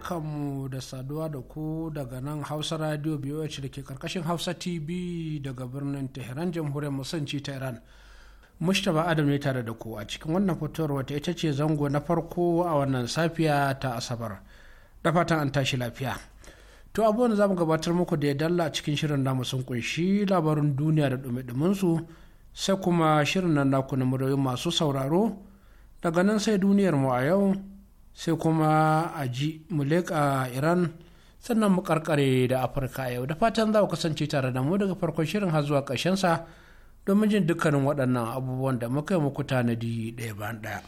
barkanmu da saduwa da ku daga nan hausa radio biyu da ke karkashin hausa tv daga birnin tehran jamhuriyar musanci ta iran mustapha adam ne tare da ku a cikin wannan fitowar wata ita ce zango na farko a wannan safiya ta asabar da fatan an tashi lafiya to abubuwan za mu gabatar muku da ya dalla a cikin shirin namu sun kunshi labarin duniya da dumi su sai kuma shirin nan naku na muryoyin masu sauraro daga nan sai duniyar mu a yau sai kuma a ji mu leƙa iran sannan mu karkare da afirka yau da fatan za ku kasance tare da mu daga farkon shirin har zuwa sa domin jin dukkanin waɗannan abubuwan da muka yi muku tanadi ɗaya bayan ɗaya.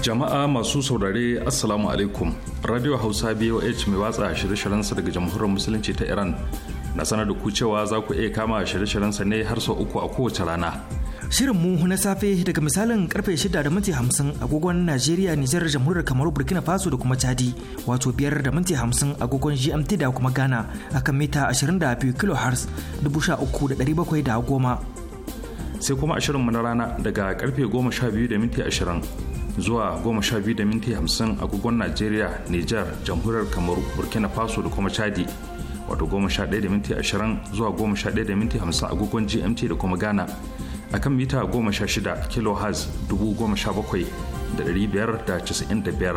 jama'a masu saurare assalamu alaikum radio hausa boh mai watsa shirye-shiryensa daga jamhuriyar musulunci ta iran na sanar da ku cewa za ku iya kama shirye-shiryen sa ne har sau uku a kowace rana. Shirin mu na safe daga misalin karfe 6 da minti 50 agogon Najeriya, Nijar, Jamhuriyar Kamaru, Burkina Faso da kuma Chadi, wato 5 da minti 50 agogon GMT da kuma Ghana akan mita 22 kHz 13,710. Sai kuma a shirin mu na rana daga karfe 12 da minti 20 zuwa goma sha biyu da minti hamsin agogon najeriya nijar jamhuriyar kamaru burkina faso da kuma chadi wato goma sha ɗaya da minti ashirin zuwa goma sha ɗaya da minti hamsin agogon gmt da kuma ghana akan mita goma sha shida kilo haz dubu goma sha bakwai da ɗari biyar da casa'in da biyar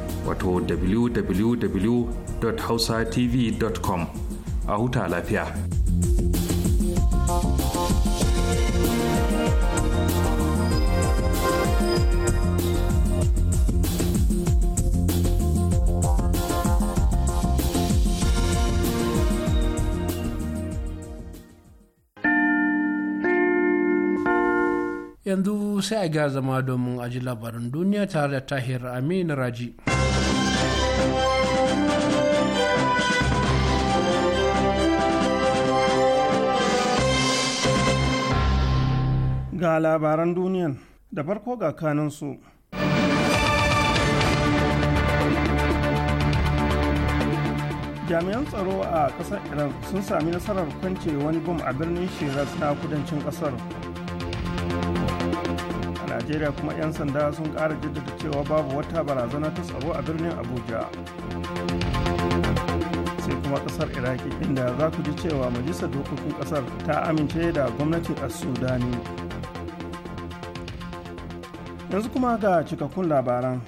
wato www.hausatv.com a huta lafiya. yanzu sai a ga zama domin aji labarin duniya tare da tahir amin raji. ga labaran duniyan da farko ga kanansu. jami'an tsaro a ƙasar iran sun sami nasarar kwance wani bom a birnin Shiras na kudancin ƙasar a najeriya kuma 'yan sanda sun ƙara jaddada cewa babu wata barazana ta tsaro a birnin abuja sai kuma ƙasar iraki inda za ku ji cewa majalisar dokokin ƙasar ta amince da gwamnati a sudani yanzu kuma ga cikakkun labaran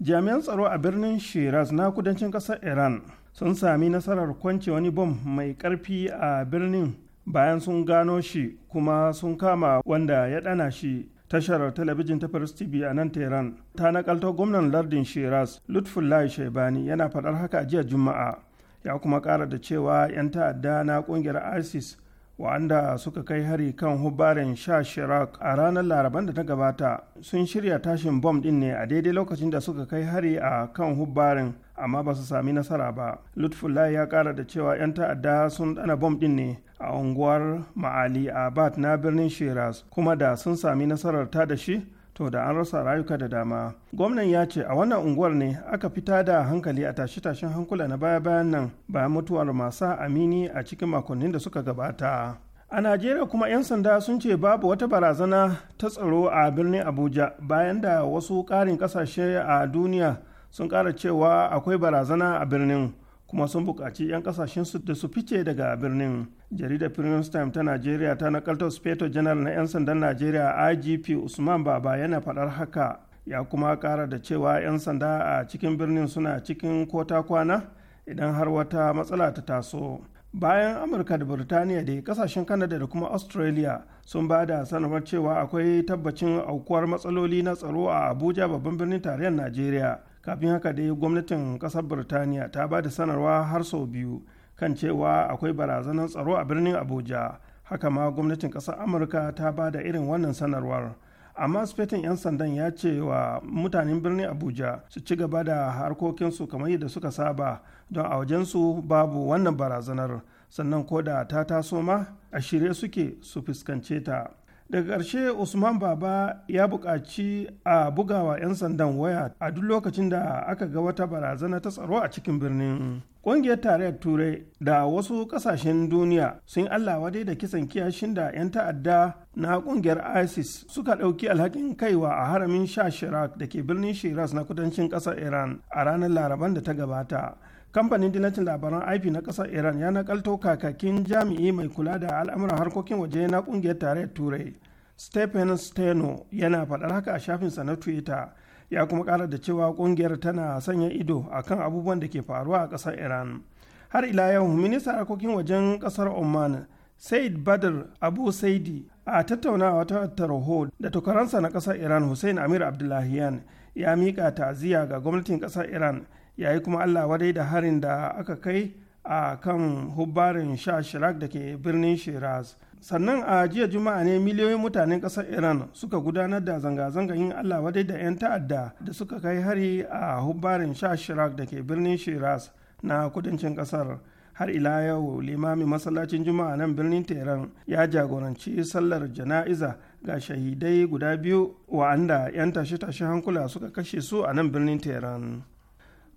jami'an tsaro a birnin shiraz na kudancin ƙasar iran sun sami nasarar kwance wani bom mai ƙarfi a birnin bayan sun gano shi kuma sun kama wanda ya ɗana shi tashar talabijin ta first TV a nan Tehran ta nakalto gwamnan lardin Shiraz Lutfullahi Shaibani yana faɗar haka jiya Juma'a ya kuma ƙara da cewa 'yan ta'adda na ƙungiyar ISIS wa'anda suka kai hari kan hubarin sha shirak a ranar laraban da ta gabata sun shirya tashin bom din ne a daidai lokacin da suka kai hari a kan hubarin amma ba su sami nasara ba lutfullahi ya kara da cewa 'yan ta'adda sun dana bom din ne a unguwar ma'ali a bat na birnin shiraz kuma da sun sami nasarar ta da shi to da an rasa rayuka da dama gwamnan ya ce a wannan unguwar ne aka fita da hankali a tashe-tashen hankula na baya-bayan nan bayan mutuwar masa amini a cikin makonnin da suka gabata a najeriya kuma 'yan sanda sun ce babu wata barazana ta tsaro a birnin abuja bayan da wasu ƙarin ƙasashe a duniya sun ƙara cewa akwai barazana a birnin kuma sun buƙaci 'yan su da su fice daga birnin jaridar prince time ta nigeria ta nakaltar speto general na 'yan sandan nigeria igp usman baba yana faɗar haka ya kuma ƙara da cewa 'yan sanda a cikin birnin suna cikin kota kwana idan har wata matsala ta taso bayan amurka da birtaniya da kasashen kanada da kuma australia sun ba da sanarwar cewa akwai tabbacin aukuwar matsaloli na tsaro a abuja babban birnin tarayyar najeriya kafin haka dai gwamnatin kasar birtaniya ta ba da sanarwa har sau biyu kan cewa akwai barazanar tsaro a birnin abuja haka ma gwamnatin kasar amurka ta ba da irin wannan sanarwar amma sufetin 'yan sandan ya ce wa mutanen birnin abuja su ci gaba da harkokinsu kamar yadda suka saba don a wajensu babu wannan barazanar sannan ko da ta taso ma a shirye suke su fuskance ta daga ƙarshe usman baba ya buƙaci a bugawa 'yan sandan waya a duk lokacin da aka ga wata barazana ta tsaro a cikin birnin ƙungiyar tarayyar turai da wasu ƙasashen duniya sun allah dai da kisan kiyashin da 'yan ta'adda na ƙungiyar isis suka ɗauki alhakin kaiwa a haramin sha shirak da ke birnin shiraz na kudancin ƙasar iran a ranar laraban da ta gabata kamfanin dinacin labaran ip na kasar iran ya nakalto kakakin jami'i mai kula da al'amuran harkokin waje na kungiyar tarayyar turai stephen steno yana faɗar haka a shafinsa na twitter ya kuma ƙara da cewa kungiyar tana sanya ido a kan abubuwan da ke faruwa a kasar iran har ila yau minista harkokin wajen kasar oman said badr abu saidi a tattaunawa ta tarho da tukaransa na kasar iran hussein amir abdullahiyan ya miƙa ta'aziyya ga gwamnatin kasar iran yayi kuma allah wadai da harin da aka kai a kan hubbarin sha shirak da ke birnin shiraz sannan a jiya juma'a ne miliyoyin mutanen ƙasar iran suka gudanar da zanga-zanga yin allah wadai da 'yan ta'adda da suka kai hari a hubbarin sha shirak da ke birnin shiraz na kudancin ƙasar har ila yau limamin masallacin juma'a nan birnin tehran ya jagoranci sallar jana'iza ga shahidai guda biyu wa'anda 'yan tashe-tashe hankula suka kashe su a nan birnin tehran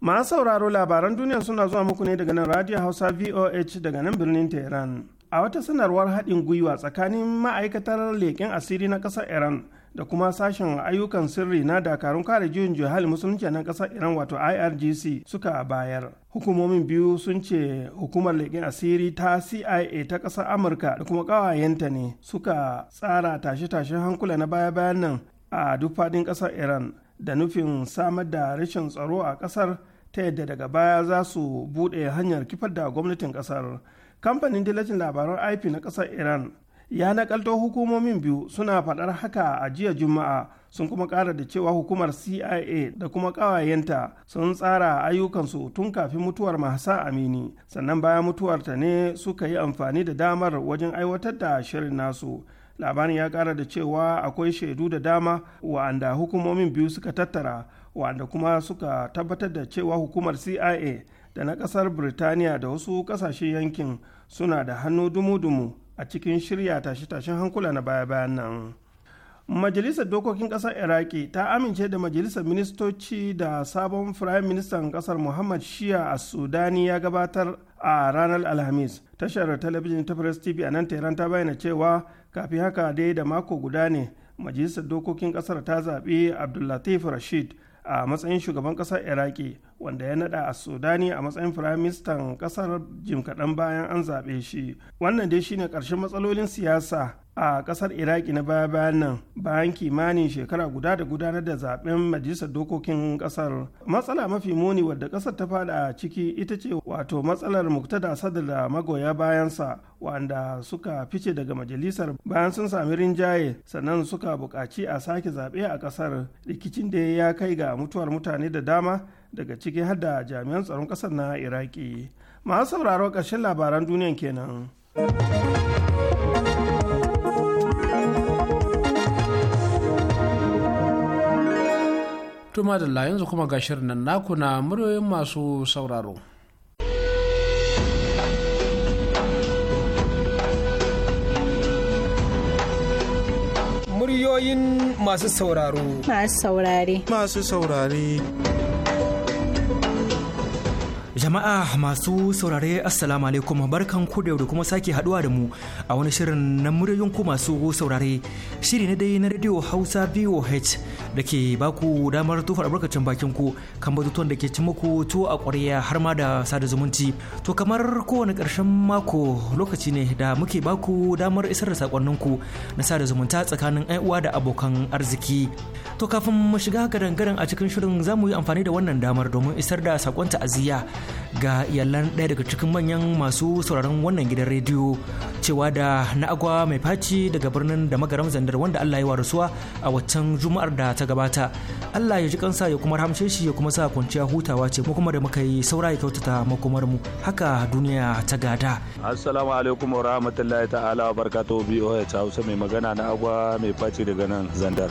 masu sauraro labaran duniya suna zuwa muku ne daga nan radio hausa voh daga nan birnin tehran a wata sanarwar haɗin gwiwa tsakanin ma'aikatar leƙen asiri na ƙasar iran da kuma sashen ayyukan sirri na dakarun kare juyin juhal musulunci na ƙasar iran wato irgc suka bayar hukumomin biyu sun ce hukumar leƙen asiri ta cia ta ƙasar amurka da kuma ƙawayenta ne suka tsara tashe-tashen hankula na baya-bayan nan a duk faɗin ƙasar iran da nufin samar da rashin tsaro a kasar ta yadda daga baya za su buɗe hanyar kifar da gwamnatin kasar kamfanin dillacin labaran ip na kasar iran ya nakalto hukumomin biyu suna faɗar haka a jiya juma'a sun kuma ƙara da cewa hukumar cia da kuma ƙawayenta sun tsara ayyukansu tun kafin mutuwar mahasa amini sannan bayan mutuwarta ne suka yi amfani da damar wajen aiwatar da shirin nasu labarin ya kara da cewa akwai shaidu da dama wa'anda hukumomin biyu suka tattara wa'anda kuma suka tabbatar da cewa hukumar cia da na kasar birtaniya da wasu kasashen yankin suna da hannu dumu-dumu a cikin shirya tashe-tashen hankula na baya-bayan nan majalisar dokokin kasar iraki ta amince da majalisar ministoci da sabon firayim ministan kasar muhammad shia a sudani ya gabatar a ranar alhamis tashar talabijin ta press tv a nan ta bayyana cewa kafin haka dai da mako guda ne majalisar dokokin kasar ta zaɓi abdullatif rashid a matsayin shugaban kasar iraki wanda ya nada a sudani a matsayin firaministan kasar jim kaɗan bayan an zaɓe shi wannan dai shine ƙarshen matsalolin siyasa a kasar iraki na baya bayan nan bayan kimanin shekara guda da gudanar da zaben majalisar dokokin kasar matsala mafi muni wadda kasar ta fada a ciki ita ce wato matsalar muktada sadar da magoya bayansa wanda suka fice daga majalisar bayan sun sami rinjaye sannan suka buƙaci a sake zaɓe a ƙasar rikicin da ya kai ga mutuwar mutane da dama daga ciki har da jami'an tsaron ƙasar na iraki masu sauraro ƙarshen labaran duniyan kenan. To madalla yanzu kuma ga shirin nan naku na muryoyin masu sauraro. Muryoyin masu sauraro. Masu saurare. Masu saurare. Jama'a masu saurare Assalamu alaikum barkan ku da kuma sake haduwa da mu a wani shirin na muryoyin ku masu saurare shiri na dai na radio Hausa VOH da ke baku damar tufa albarkacin bakin ku kan batutuwan da ke ci muku tuwo a ƙwarya har ma da sada zumunci to kamar kowane karshen mako lokaci ne da muke baku damar isar da sakonnin ku na sada zumunta tsakanin ƴan uwa da abokan arziki to kafin mu shiga gadan-gadan a cikin shirin zamu yi amfani da wannan damar domin isar da sakon ta'aziyya ga iyalan ɗaya daga cikin manyan masu sauraron wannan gidan rediyo cewa da na agwa mai faci daga birnin da magaram zandar wanda Allah ya wa rasuwa a waccan juma'ar da ta gabata Allah ya ji kansa ya kuma ramshe shi ya kuma sa kwanciya hutawa ce mu kuma da muka yi saura ya kyautata makomar mu haka duniya ta gada assalamu alaikum wa rahmatullahi ta'ala wa barakatuhu bi'o ya hausa mai magana na agwa mai faci daga nan zandar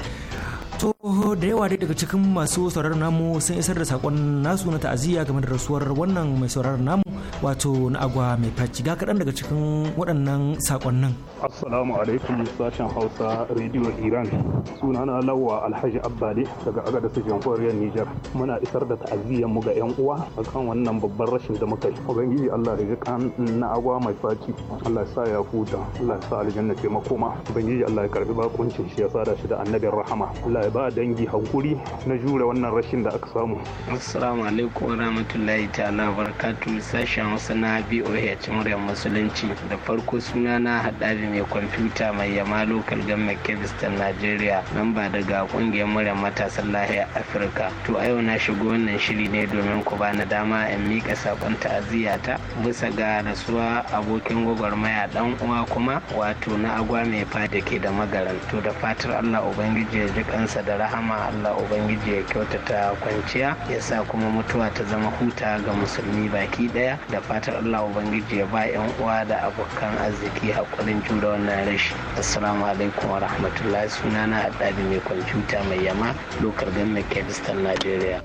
To da yawa dai daga cikin masu sauraron namu sun isar da sakon nasu na ta'aziyya game da rasuwar wannan mai sauraron namu wato na agwa mai faci ga kaɗan daga cikin waɗannan saƙonnin. Assalamu alaikum sashen Hausa Radio Iran. Sunana lawa Alhaji Abbali daga Agada su Koriyar Nijar. Muna isar da ta'aziyyar mu ga 'yan uwa akan wannan babban rashin da muka yi. Ubangiji Allah ya kan na agwa mai faci. Allah ya sa ya huta. Allah ya sa aljanna ce makoma. Ubangiji Allah ya karbi bakuncin shi ya sada shi da annabin rahama. Allah ya ba dangi hankuri na jure wannan rashin da aka samu assalamu alaikum rahmatullahi ta'ala barakatuh sashen hausa na BOH muryar musulunci da farko suna na haɗari mai kwamfuta mai yama lokal gan McKinstan kebistan nan ba daga kungiyar muryar matasan lahiyar Afirka to a yau na shigo wannan shiri ne domin ku bani dama in miƙa saƙon ta'aziyya ta bisa ga rasuwa abokin gwagwarmaya dan uwa kuma wato na agwa mai fada ke da magaran to da fatar Allah ubangiji ya ji kansa masa da rahama Allah Ubangiji ya kyautata kwanciya ya sa kuma mutuwa ta zama huta ga musulmi baki daya da fatar Allah Ubangiji ya ba 'yan uwa da abokan arziki hakurin jure wannan rashi. Assalamu alaikum wa rahmatullahi sunana haɗari mai kwamfuta mai yama lokar ganin kedistan Najeriya.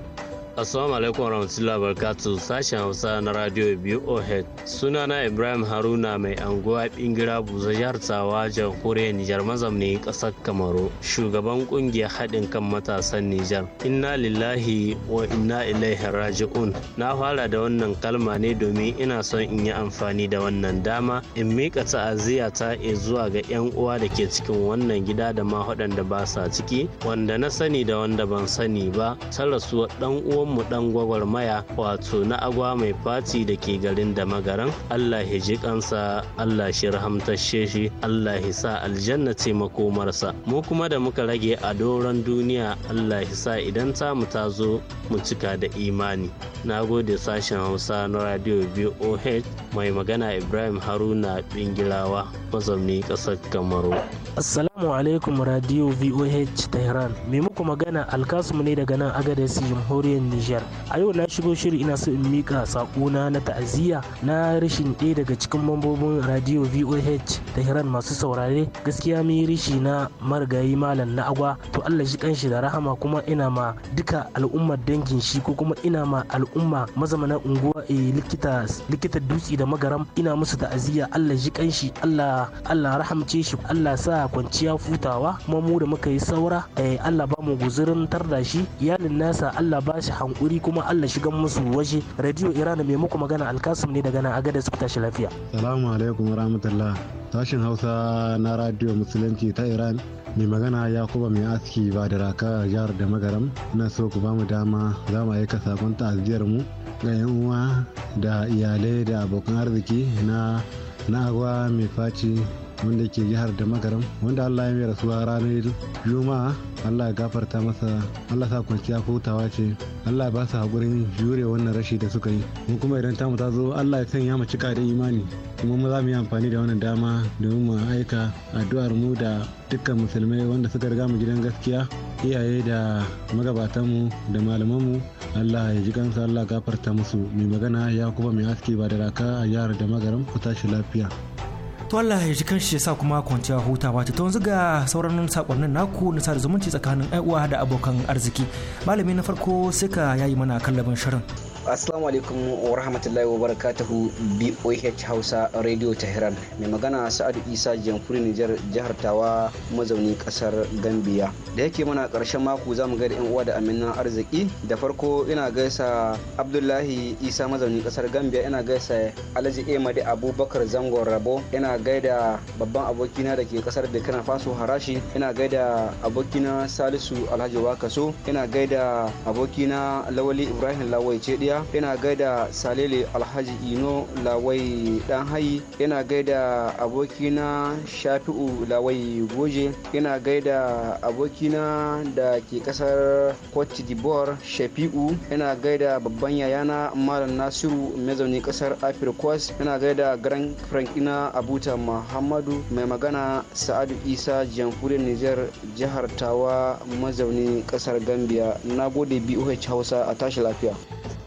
Assalamu alaikum warahmatullahi wabarakatuh sashen Hausa na Radio BOH. Sunana Ibrahim Haruna mai anguwa bingira buza jihar Tsawa jamhuriyar Nijar ne kasar Kamaru. Shugaban kungiyar haɗin kan matasan Nijar. Inna lillahi wa inna ilaihi raji'un. Na fara da wannan kalma ne domin ina son in yi amfani da wannan dama in miƙa ta'aziyya ta e zuwa ga 'yan uwa da ke cikin wannan gida da ma waɗanda ba sa ciki wanda na sani da wanda ban sani ba ta rasuwar ɗan uwa mu dan gwagwarmaya wato na agwa mai faci da ke garin da magaran allah ya ji kansa allah shi rahamtashe shi allah ya sa aljanna ce makomarsa mu kuma da muka rage a doron duniya allah ya sa idan tamu ta zo mu cika da imani na gode sashen hausa na radio boh mai magana ibrahim haruna bingilawa mazauni kasar kamaru assalamu alaikum radio voh tehran mai muku magana alkasmu ne daga nan agadez jamhuriyar Nijar. A yau na shigo shiri ina so in mika sakona na ta'aziyya na rashin ɗaya daga cikin mambobin radio VOH hiran masu saurare gaskiya mi rishi na marigayi malam na agwa to Allah shi kanshi da rahama kuma ina ma duka al'ummar dangin shi ko kuma ina ma al'umma mazamanan unguwa e likita likita dutse da magaram ina musu ta'aziyya Allah shi kanshi Allah Allah rahamce shi Allah sa kwanciya futawa kuma mu da muka yi saura eh Allah ba mu guzurin tarda shi iyalin nasa Allah ba shi hankuri kuma Allah shigan musu waje radio Iran mai muku magana Alkasim ne daga nan gada ku tashi lafiya salamu alaikum rahmatullah sashin Hausa na radio Musulunci ta Iran mai magana Yakuba mai aski ba da raka jihar da magaram ina so ku bamu dama za mu aika sakon ta'aziyar mu ga yan uwa da iyalai da abokan arziki na na agwa mai faci wanda ke jihar da magaram wanda allah ya mai rasuwa ranar juma'a allah ya gafarta masa allah sa kwanciya ko hutawa ce allah ba su haƙurin jure wannan rashi da suka yi mu kuma idan tamu ta zo allah ya sanya mu cika da imani kuma mu za mu yi amfani da wannan dama domin mu aika addu'ar mu da dukkan musulmai wanda suka riga mu gidan gaskiya iyaye da mu da malamanmu allah ya ji kansa allah gafarta musu mai magana ya kuma mai haske ba da raka a jihar da magaram ku tashi lafiya to Allah ya ji kanshi ya sa kuma kwanciya hutawa ta yanzu ga sauran sakonnin naku na sada zumunci tsakanin ai'uwa da abokan arziki malami na farko suka ya yayi mana kallabin shirin Assalamu alaikum wa rahmatullahi wa barakatuhu BOH Hausa Radio Tehran. Mai magana Sa'adu Isa Jamfuri Nijar jihar Tawa mazauni kasar Gambia. Da yake mana karshen mako za mu ga da uwa da aminan arziki. Da farko ina gaisa Abdullahi Isa mazauni kasar Gambia ina gaisa Alhaji Emadi Abubakar Zangon Rabo ina gaida babban abokina da ke kasar kana Faso Harashi ina gaida abokina Salisu Alhaji Wakaso ina gaida abokina Lawali Ibrahim Lawai Cediya Zaria yana gaida Salele Alhaji Ino Lawai Dan Hayi yana gaida abokina Shafi'u Lawai Goje yana gaida abokina da ke kasar Cote d'Ivoire Shafi'u yana gaida babban yayana Malam Nasiru mazaunin kasar Afirkos yana gaida Grand Frankina Abuta Muhammadu mai magana Sa'adu Isa jamhuriyar Nijar jihar Tawa mazaunin kasar Gambia na gode BOH Hausa a tashi lafiya.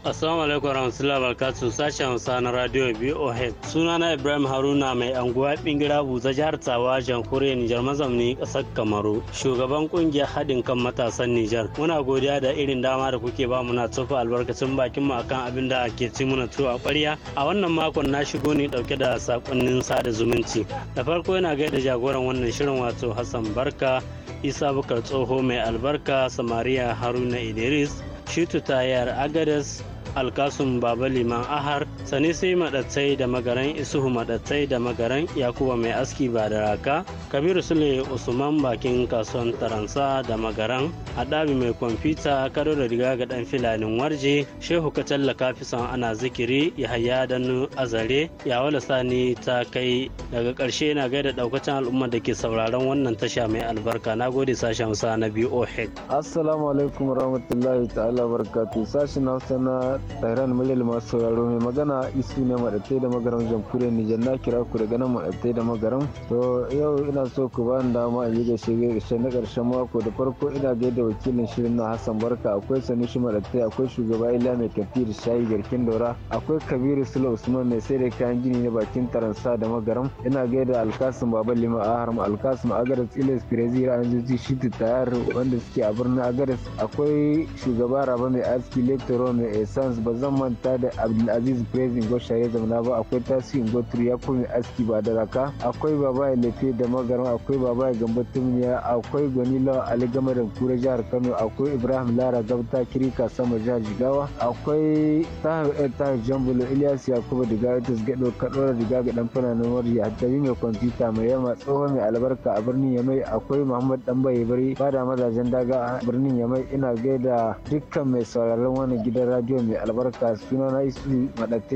Assalamu alaikum warahmatullahi wabarakatuh sashen Hausa na Radio BOH. Sunana Ibrahim Haruna mai anguwa bingira buza jihar Tawa jamhuriyar Nijar mazamni kasar Kamaru. Shugaban kungiyar haɗin kan matasan Nijar. Muna godiya da irin dama da kuke ba muna tsofa albarkacin bakin mu akan abin da ake ci muna tuwa ƙwarya. A wannan makon na shigo ne dauke da sakonnin sada zumunci. Da farko yana gaida jagoran wannan shirin wato Hassan Barka, Isa Bukar Tsoho mai albarka, samaria Haruna Idris, Shitu Tayar Agadas alkasun baba liman ahar sani sai madatsai da magaran isuhu madatsai da magaran yakuba mai aski ba da raka kabiru sule usman bakin kasuwan taransa da magaran adabi mai kwamfuta kado da riga ga dan filanin warje shehu ka tallaka ana zikiri yahaya danu azare yawala sani ta kai daga karshe na gaida daukacin al'umma da ke sauraron wannan tasha mai albarka na gode sashen sa na ohe. assalamu alaikum warahmatullahi ta'ala barkatu sashen hausa na tsairan Milil masu sauraro mai magana isu ne maɗatai da magaran jamhuriyar Nijar na kira ku daga nan maɗatai da magaran. To yau ina so ku ba ni dama a yi gaishe gaishe na ƙarshen mako da farko ina gaida wakilin shirin na Hassan Barka akwai Sanusi maɗatai akwai shugaba Ila mai kafi da shayi garkin daura akwai Kabiru Sula Usman mai sai da kayan gini na bakin Taransa da magaran ina gaida Alkasim Baba Lima Aharam Alkasim Agaras Ilis Firezi Ra'anzuzi Shitu Tayar wanda suke a birnin Agaras akwai shugaba Raba mai aski Lektoro mai Esan france ba zan manta da abdulaziz brezin zama zamana ba akwai tasi Ngotri ya kuma aski ba da raka akwai baba lefe da magarma akwai baba gambo Tumiya akwai gonilo ali da kura jihar kano akwai ibrahim lara gabta kirika sama jihar jigawa akwai tahir el tahir jambulo ilyas yakubu diga itis gado da diga ga dan fana nomar a tabi mai kwamfuta mai yamma tsoho mai albarka a birnin yamai akwai muhammad dan bai bari bada mazajen daga a birnin yamai ina gaida dukkan mai sauraron wani gidan radio mai albarka suna na isu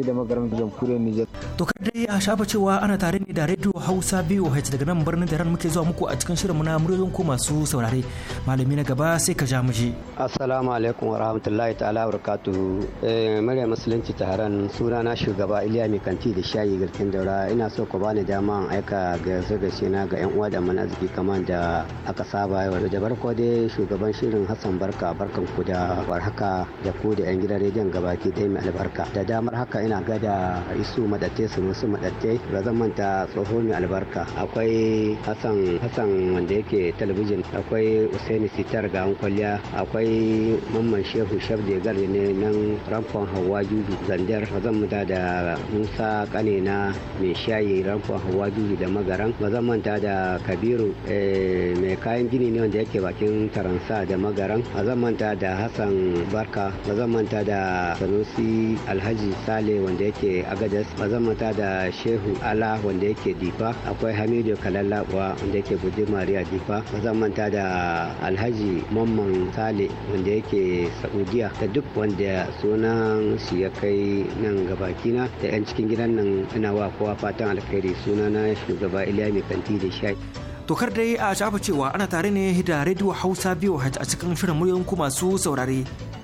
da magaram jamhuriyar Nijar. To kan dai a shafa cewa ana tare ne da Radio Hausa BOH daga nan birnin ran muke zuwa muku a cikin shirin na muryoyin ku masu saurare. Malami na gaba sai ka ja mu je. Assalamu alaikum wa rahmatullahi ta'ala wa barakatuhu. Eh, Maryam Musulunci Taharan suna shugaba Iliya Kanti da Shayi Garkin Daura ina so ku bani dama aika ga gaishe na ga 'yan uwa da mana arziki kamar da aka saba yau da barko dai shugaban shirin Hassan Barka barkan ku da warhaka da ku da 'yan gidan rediyon gabaki dai mai albarka da damar haka ina gada isu madatte su musu madatte ba zan manta tsoho mai albarka akwai hassan hassan wanda yake talabijin akwai usaini sitar ga kwalliya akwai mamman shehu shabde gari ne nan rampon hawa juju zandar ba zan manta da musa kane na mai shayi rampon hawa juju da magaran ba zan manta da kabiru eh, mai kayan gini ne wanda yake bakin taransa da magaran ba zan manta da hassan barka ba zan manta da sanusi alhaji sale wanda yake agadas mazamata da shehu ala wanda yake difa akwai hamidu kalalabuwa wanda yake guji maria difa mazamata da alhaji mamman sale wanda yake saudiya da duk wanda sunan su ya kai nan gabakina da 'yan cikin gidan nan ina wa kowa fatan alkhairi na shugaba iliya mai kanti da shai Tokar dai a shafa cewa ana tare ne da rediyo Hausa biyu a cikin shirin muryoyin ku masu saurare.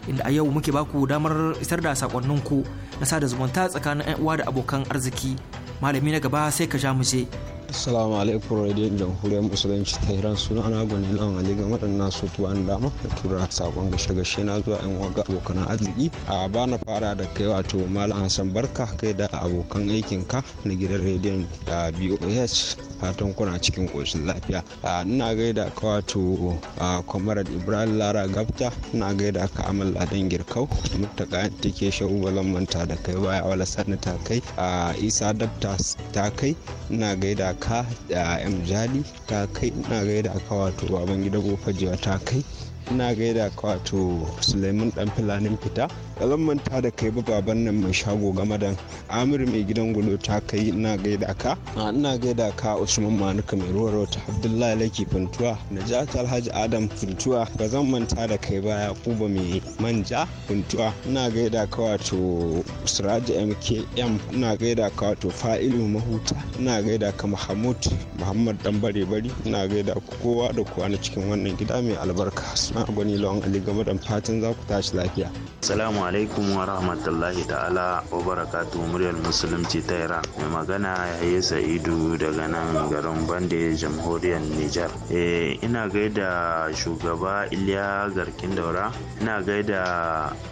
inda a yau muke baku damar isar da sakonninku na sada zumunta tsakanin 'yan uwa da abokan arziki malami na gaba sai ka ja mu je Assalamu alaikum radiyon jamhuriyar musulunci ta Iran suna ana gwanin na ga waɗannan su tuwan dama da tura sakon gashe gashe na zuwa yan waga abokan arziki a bana fara da kai wato malam Hassan Barka kai da abokan aikin ka na gidan rediyon da BOH fatan kuna cikin koshin lafiya ina gaida ka wato Comrade Ibrahim Lara Gafta ina gaida ka Amal Ladan Girkau mutaka ke shan balan manta da kai baya wala sanata kai Isa Dabta ta kai ina gaida ka da mjali ta kai ina gaida aka wato baban gida gofajewa ta kai ina gaida ka suleiman dan filanin fita kalan manta da kai ba baban nan mai shago game da amir mai gidan gudu ta kai ina gaida ka ina gaida ka usman manuka mai ruwa ta abdullahi laki funtuwa najat alhaji adam funtuwa ba zan manta da kai ba yakuba mai manja funtuwa ina gaida ka wato siraji mkm ina gaida ka wato fa'ilu mahuta ina gaida ka muhammad muhammad dan bare bari ina gaida kowa da kowa na cikin wannan gida mai albarka na gwani lawan ali game da fatan za ku tashi lafiya salamu alaikum wa rahmatullahi ta'ala wa barakatu muryar musulunci ta iran mai magana yayi sa'idu daga nan garin bande jamhuriyar nijar eh ina gaida shugaba iliya garkin daura ina gaida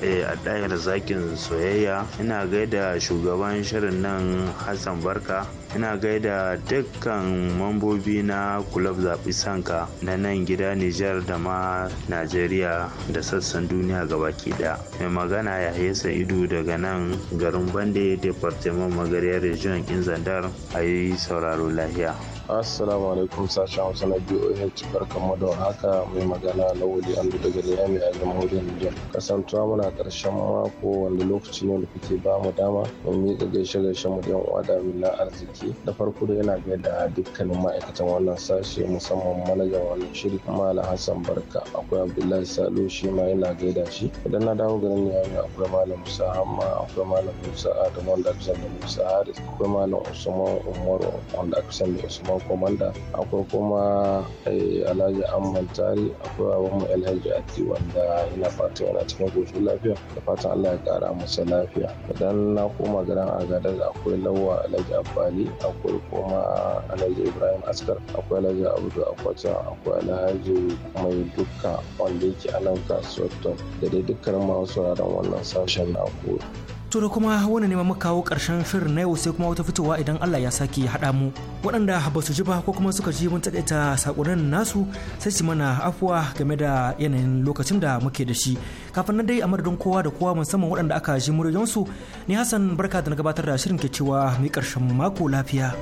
eh, a ɗayar zakin soyayya ina gaida shugaban shirin nan hassan barka ina gaida dukkan mambobi na kulab zaɓi sanka na nan gida nijar da ma najeriya da sassan duniya gabaki ɗaya mai magana ya hesa ido daga nan garin bande departement magariyar region kin zandar a yi sauraro lahiya Assalamu alaikum sashen Hausa na BOH mu da haka mai magana Lawali Andu daga Niyami a jamhuriyar Nijar. Kasantuwa muna karshen mako wanda lokaci ne da kuke ba mu dama mu miƙa gaishe gaishe mu don uwa da arziki. Da farko da yana gaida da dukkanin ma'aikatan wannan sashe musamman manajan wannan shiri Malam Hassan Barka akwai Abdullahi Salo shi ma yana gaida shi. Idan na dawo garin Niyami akwai Malam Musa Hamma akwai Malam Musa Adamu wanda aka da Musa Haris akwai Malam Usman Umaru wanda aka da Usman akwai kuma eh, Alhaji Ahmad Tari akwai babanmu Alhaji Ati wanda yana fata yana cikin goshin lafiya da fatan Allah ya kara masa lafiya idan na koma garin Agadez akwai lawa Alhaji Abbali akwai kuma Alhaji Ibrahim Askar akwai Alhaji Abdu Akwacha akwai Alhaji Mai Dukka wanda yake a nan kasuwar da dai dukkan masu sauraron wannan sashen na To da kuma wani neman muka kawo karshen shirin na yau sai kuma wata fitowa idan Allah ya sake haɗa mu. Waɗanda ba su ji ba ko kuma suka ji mun taƙaita saƙonin nasu sai su mana afuwa game da yanayin lokacin da muke da shi. Kafin nan dai a madadin kowa da kowa musamman waɗanda aka ji muryoyinsu ne Hassan barka da na gabatar da shirin ke cewa mai ƙarshen mako lafiya.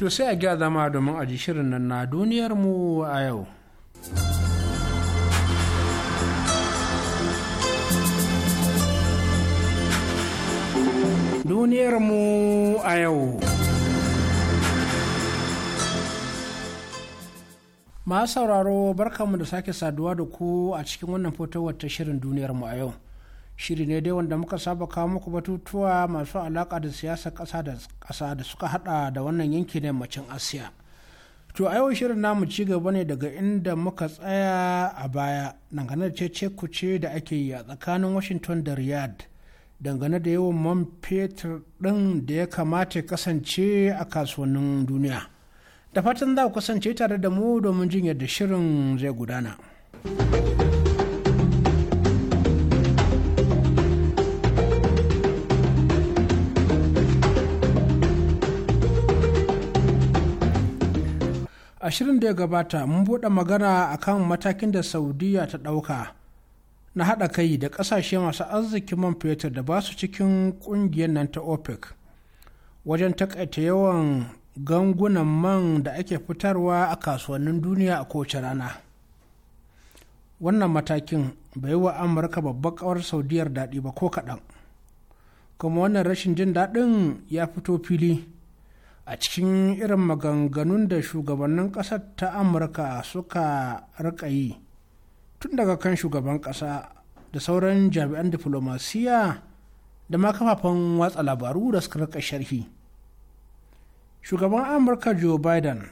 to sai a gyara zama domin a ji shirin nan na duniyarmu a yau. Duniyarmu a yau. Masu sauraro barkanmu da sake saduwa da ku a cikin wannan fotowar ta shirin duniyarmu a yau. shiri ne dai wanda muka saba kawo muku batutuwa masu alaka da siyasar kasa da ƙasa da suka hada da wannan yanki na yammacin asiya to a yau shirin namu ci gaba ne daga inda muka tsaya a baya dangane da cece kuce da ake yi a tsakanin washington da riyad dangane da yawan man fetur ɗin da ya kamata kasance a kasuwannin duniya da fatan za ku kasance tare da mu domin jin yadda shirin zai gudana. ashirin da ya gabata mun buɗe magana akan matakin da saudiya ta ɗauka na haɗa kai da ƙasashe masu arzikin man fetur da ba su cikin ƙungiyar nan ta opec wajen takaita yawan gangunan man da ake fitarwa a kasuwannin duniya a kowace rana wannan matakin bai wa amurka babbar kawar saudiyar daɗi ba ko kaɗan kuma wannan rashin jin daɗin ya fito fili a cikin irin maganganun da shugabannin ƙasar ta amurka suka rika yi tun daga kan shugaban ƙasa da sauran jami'an diplomasiya da ma kafafen watsa labaru da suka rika sharhi shugaban amurka joe biden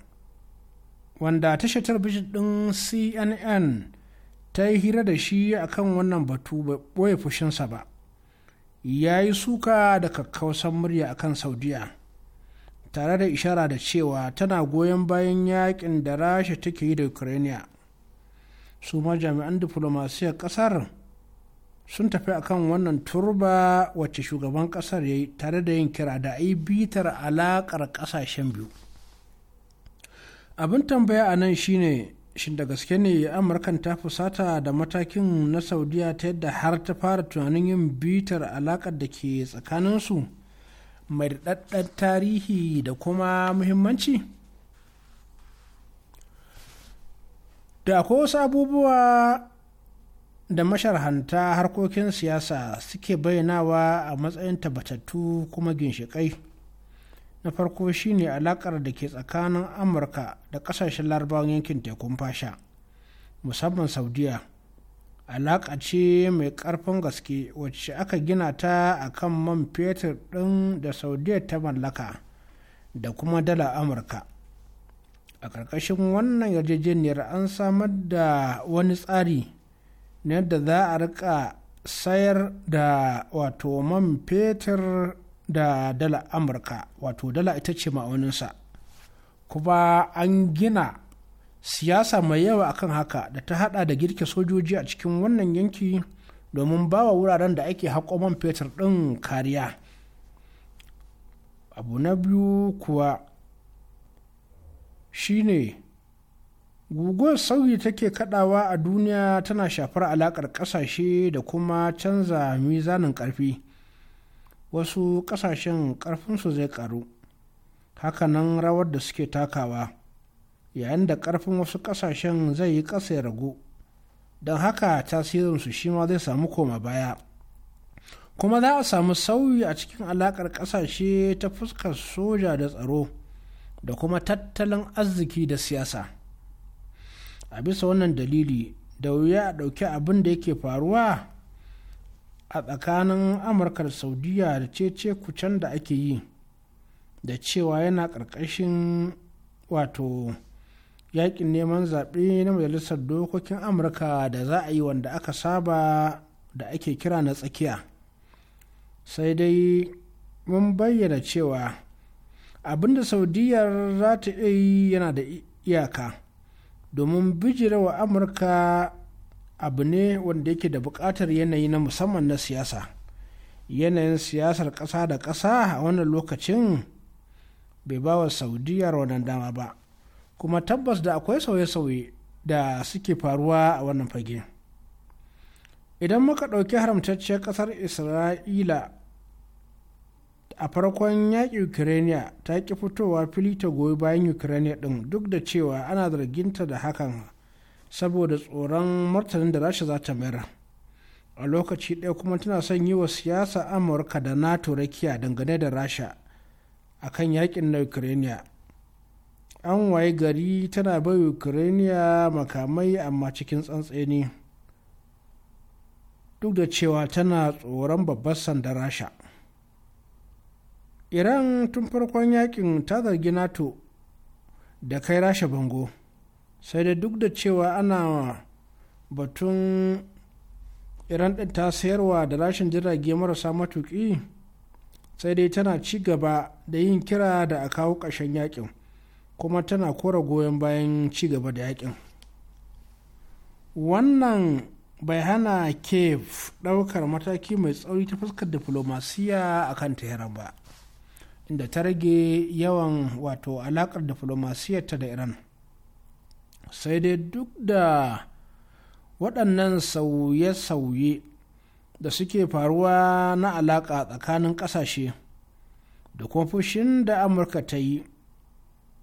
wanda tashar talabijin ɗin cnn ta yi hira da shi a kan wannan batu bai ɓoye fushinsa ba ya yi suka da kakkausan murya a kan saudiya tare da ishara da cewa tana goyon bayan yakin da rasha take yi da ukraine su ma jami'an diflomasiyyar kasar sun tafi akan wannan turba wacce shugaban kasar ya yi tare da yin kira da ai bitar alakar kasashen biyu abin tambaya a nan shine shin da gaske ne amurkan ta fusata da matakin na saudiya ta yadda har ta fara tunanin yin bitar alakar da ke tsakaninsu mai daɗaɗɗen tarihi da kuma muhimmanci da akwai wasu abubuwa da masharhanta harkokin siyasa suke bayyanawa a matsayin tabbatattu kuma ginshiƙai na farko shine alaƙar da ke tsakanin amurka da ƙasashen larabawan yankin tekun fasha musamman saudiya alaƙa ce mai ƙarfin gaske wacce aka gina ta a kan man fetur ɗin da saudiya ta mallaka da kuma dala amurka a ƙarƙashin wannan yarjejeniyar an samar da wani tsari na yadda za a rika sayar da wato man fetur da dala amurka wato dala ita ce ma'auninsa kuma an gina siyasa mai yawa akan haka da ta hada da girke sojoji a cikin wannan yanki domin ba wa wuraren da ake haƙo man fetur din kariya abu na biyu kuwa shine guguwar sauyi take kadawa a duniya tana shafar alakar kasashe da kuma canza mizanin karfi wasu kasashen karfinsu zai karu hakanan rawar da suke takawa yayin da ƙarfin wasu ƙasashen zai yi ƙasa ya ragu don haka tasirinsu shi ma zai samu koma baya kuma za a samu sauyi a cikin alaƙar ƙasashe ta fuskar soja da tsaro da kuma tattalin arziki da siyasa a bisa wannan dalili da wuya a ɗauki abin da yake faruwa a tsakanin amurka da saudiya da cece kucen da ake yi da cewa yana ƙarƙashin wato yakin neman zaɓe na majalisar dokokin amurka da za a yi wanda aka saba da ake kira na tsakiya sai dai mun bayyana cewa abinda saudiyar za ta iya yi yana da iyaka domin wa amurka abu ne wanda yake da buƙatar yanayi na musamman na siyasa yanayin siyasar ƙasa da ƙasa a wannan lokacin bai ba wa saudiyar wannan dama ba kuma tabbas da akwai sauye-sauye da suke faruwa a wannan fage idan muka ɗauki haramtacciyar ƙasar isra'ila a farkon yaƙi ukraine ta ƙi fitowa fili ta goyi bayan ukraine ɗin duk da cewa ana zarginta da hakan saboda tsoron martanin da rasha za ta mayar a lokaci ɗaya kuma tana son yi wa siyasa amurka da nato rakiya dangane da rasha akan yaƙin na ukraine an waye gari tana bai ukraine makamai amma cikin tsantseni duk da cewa tana tsoron babbar sandar rasha iran tun farkon yakin ta zargi nato da kai rasha bango sai da duk da cewa ana batun iran ɗin ta sayarwa da rashin jirage marasa matuƙi sai dai tana ci gaba da yin kira da a kawo ƙarshen yakin kuma tana kora goyon bayan ci gaba da yakin wannan bai hana kef ɗaukar mataki mai tsauri ta fuskar diplomasiya a kan tehran ba inda ta rage yawan wato alaƙar ta da iran sai dai duk da waɗannan sauye-sauye da suke faruwa na alaƙa tsakanin ƙasashe da kuma fushin da amurka ta yi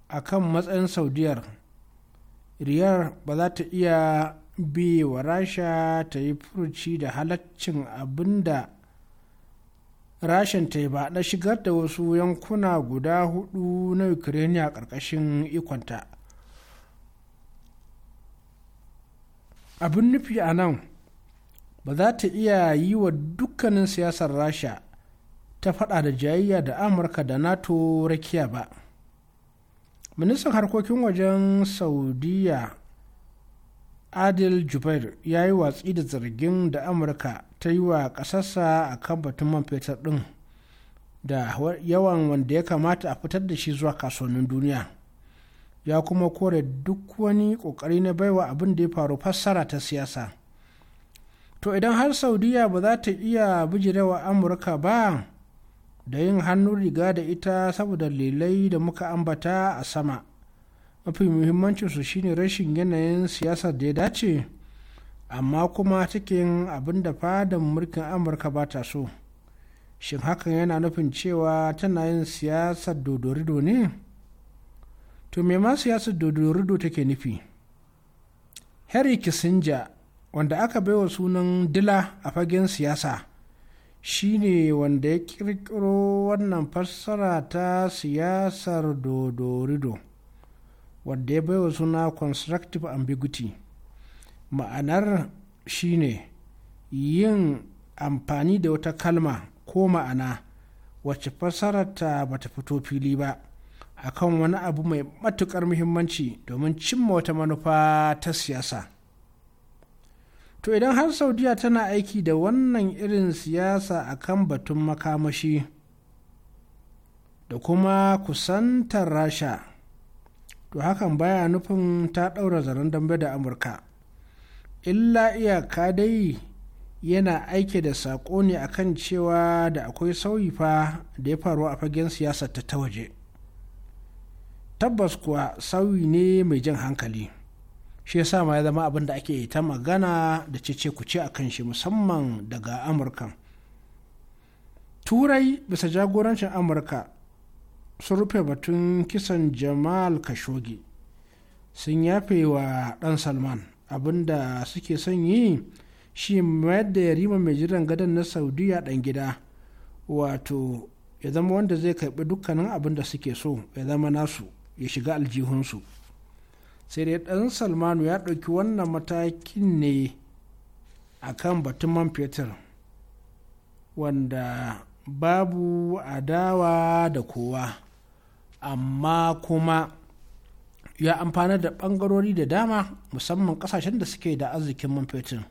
a kan matsayin saudiyar riyar ba za ta iya bi wa rasha ta yi furuci da halaccin abin da rashin ta yi ba na shigar da wasu yankuna guda hudu na ukraine a ƙarƙashin ikonta abin nufi a nan ba za ta iya yi wa dukkanin siyasar rasha ta fada da jayayya da amurka da nato rakiya ba ministan harkokin wajen saudiya adil jubair ya yi watsi da zargin da amurka ta yi wa ƙasarsa a kan batun man fetur din da yawan wanda ya kamata a fitar da shi zuwa kasuwannin duniya ya kuma kore duk wani ƙoƙari na baiwa abin da ya faru fassara ta siyasa to idan har saudiya ba za ta iya bijirewa amurka ba da yin hannun riga da ita saboda lilai da muka ambata a sama mafi muhimmancinsu shine rashin yanayin siyasar da ya dace amma kuma cikin abin da fadan mulkin amurka ba ta so shin hakan yana nufin cewa tana yin siyasar dodorido ne to me ma siyasar dodorido take nufi harry kissinger wanda aka baiwa sunan dila a fagen siyasa shine wanda ya kirkiro wannan fassara ta siyasar dodorido wanda ya baiwa suna constructive ambiguity ma'anar shine yin amfani da wata kalma ko ma'ana wacce fassararta bata fito fili ba akan wani abu mai matuƙar muhimmanci domin cimma wata manufa ta siyasa to idan har saudiya tana aiki da wannan irin siyasa a kan batun makamashi da kuma kusantar rasha to hakan baya nufin ta ɗaura zaren dambe da amurka illa iyaka dai yana aiki da saƙo ne a kan cewa da akwai sauyi fa da ya faru a fagen siyasar ta ta waje tabbas kuwa sauyi ne mai jan hankali shi yasa ma ya zama abin da ake ta magana da cece ce a kan shi musamman daga amurka turai bisa jagorancin amurka sun rufe batun kisan jamal kashogi sun yafe wa dan salman abin da suke son yi shi mayar da yarima mai jiran gadon na saudiya dan gida wato ya zama wanda zai karbi dukkanin abin da suke so ya zama nasu ya shiga aljihunsu sai dai ɗan salmanu ya ɗauki wannan matakin ne a kan batun man fetur wanda babu adawa da kowa amma kuma ya amfana da ɓangarori da dama musamman ƙasashen da suke da arzikin man fetur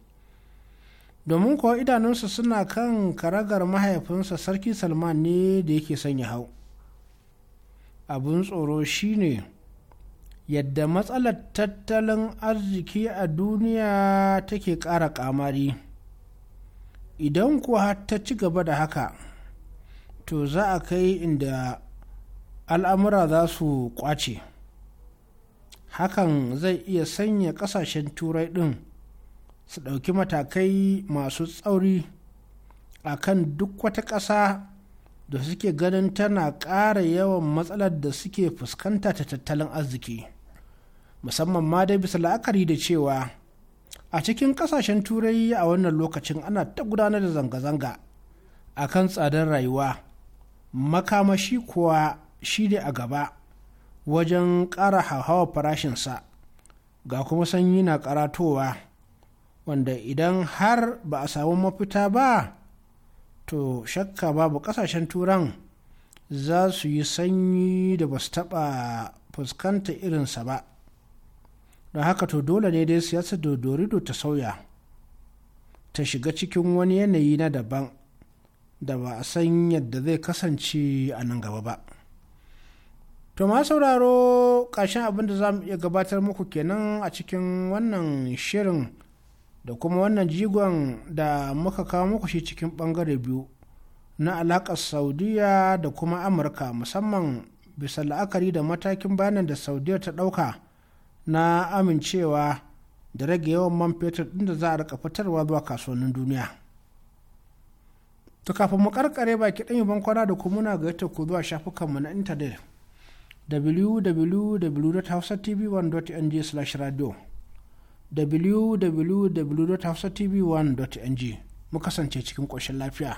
domin kuwa idanunsa suna kan karagar mahaifinsa sarki salman ne da yake son ya hau abin tsoro shine yadda matsalar tattalin arziki a duniya take ƙara ƙamari idan kuwa ta ci gaba da haka to za a kai inda al'amura za su ƙwace hakan zai iya sanya ƙasashen turai ɗin su ɗauki matakai masu tsauri a kan duk wata ƙasa da suke ganin tana ƙara yawan matsalar da suke fuskanta ta tattalin arziki. musamman ma dai bisa la'akari da cewa a cikin kasashen turai a wannan lokacin ana ta gudanar da zanga-zanga a kan tsadar rayuwa makamashi kuwa shi ne a gaba wajen ƙara hauhawar farashinsa ga kuma sanyi na karatowa wanda idan har ba a samu mafita ba to shakka babu kasashen turan za su yi sanyi da ba su taɓa fuskanta irinsa ba don haka to dole ne dai siyasar dodorido ta sauya ta shiga cikin wani yanayi na daban da ba a san yadda zai kasance a nan gaba ba to ma sauraro ƙarshen abin da za mu iya gabatar muku kenan a cikin wannan shirin da kuma wannan jigon da muka kawo muku shi cikin bangare biyu na alaƙar saudiya da kuma amurka musamman bisa la'akari da matakin bayanan da saudiya ta ɗauka na amincewa da rage yawan man fetur ɗin da za a rika fitarwa zuwa kasuwannin duniya to kafin mu karkare baki ɗan yi bankwana da kuma muna gayyata ku zuwa shafukanmu na intanet www.hausatv1.ng/radio www.hausatv1.ng mu kasance cikin ƙoshin lafiya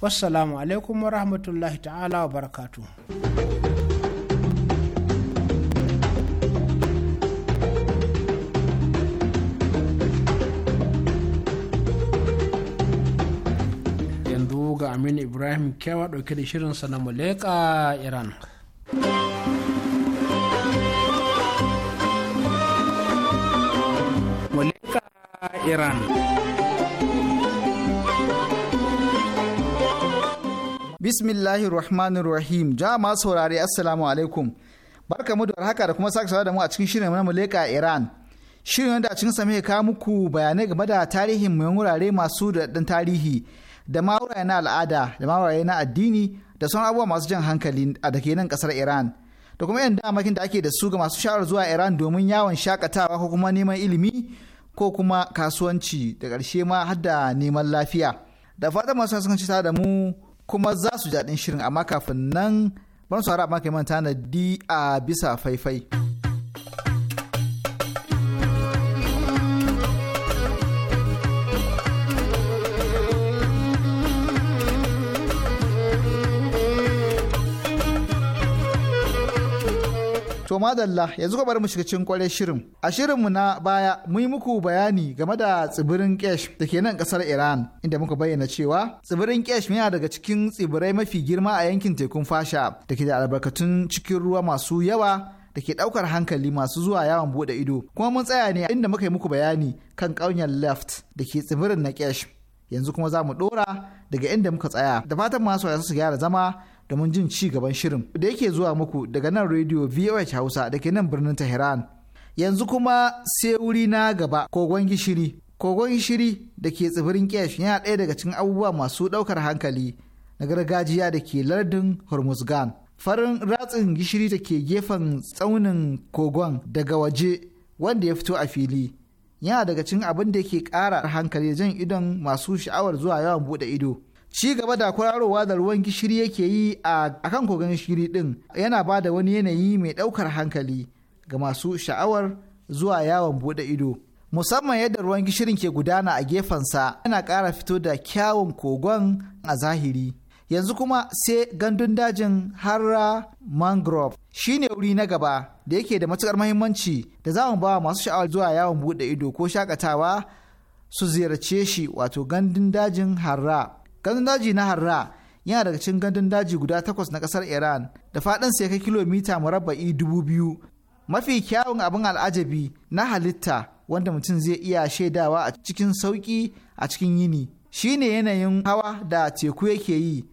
wassalamu alaikum wa rahmatullahi ta'ala wa barakatuh Aminu Ibrahim Kewa ɗauke da shirin na Muleka Iran. Muleka Iran. Bismillahir Rahmanir Rahim. Jama'a saurari Assalamu alaikum. Barka mu da haka da kuma sake da mu a cikin shirin na Muleka Iran. Shirin da a cikin sa muke kawo muku bayanai game da tarihin muyan wurare masu da tarihi. da mawuraye na al'ada da mawuraye na addini da sauran abubuwa masu jan hankali a da ke nan kasar iran da kuma yan damakin da ake da su ga masu sha'awar zuwa iran domin yawon shakatawa ko kuma neman ilimi ko kuma kasuwanci da ƙarshe ma har da neman lafiya da fatan masu sun ci da mu kuma za su jaɗin shirin amma kafin nan ban su amma kai manta na di a bisa faifai. To madalla yanzu ka bari mu shiga cikin kwarai shirin. A shirinmu na baya mun yi muku bayani game da tsibirin Kesh da ke nan kasar Iran inda muka bayyana cewa tsibirin Kesh yana daga cikin tsibirai mafi girma a yankin tekun fasha da ke da albarkatun cikin ruwa masu yawa da ke daukar hankali masu zuwa yawon bude ido. Kuma mun tsaya ne inda muka yi muku bayani kan ƙauyen left da ke tsibirin na Kesh. Yanzu kuma za mu ɗora daga inda muka tsaya. Da fatan masu su gyara zama domin jin ci gaban shirin da yake zuwa muku daga nan rediyo VOH Hausa da nan birnin Tehran. Yanzu kuma sai wuri na gaba kogon gishiri. Kogon gishiri da ke tsibirin Kesh yana ɗaya daga cikin abubuwa masu ɗaukar hankali na gargajiya da ke lardin Hormuzgan. Farin ratsin gishiri da ke gefen tsaunin kogon daga waje wanda ya fito a fili. Yana daga cikin abin da ke ƙara hankali jan idon masu sha'awar zuwa yawan buɗe ido. ci gaba da kwararowa da ruwan gishiri yake yi a kan kogon shiri din yana ba da wani yanayi mai ɗaukar hankali ga masu sha'awar zuwa yawon buɗe ido musamman yadda ruwan gishirin ke gudana a gefensa yana ƙara fito da kyawun kogon a zahiri yanzu kuma sai gandun dajin harra mangrove shine wuri na gaba da yake da matukar mahimmanci da za mu ba masu sha'awar zuwa yawon buɗe ido ko shakatawa su ziyarce shi wato gandun dajin harra gandun daji na harra yana daga cikin gandun daji guda takwas na kasar iran da faɗin sai kai kilomita murabba'i dubu biyu mafi kyawun abin al'ajabi na halitta wanda mutum zai iya shaidawa a cikin sauƙi a cikin yini shine yanayin hawa da teku yake yi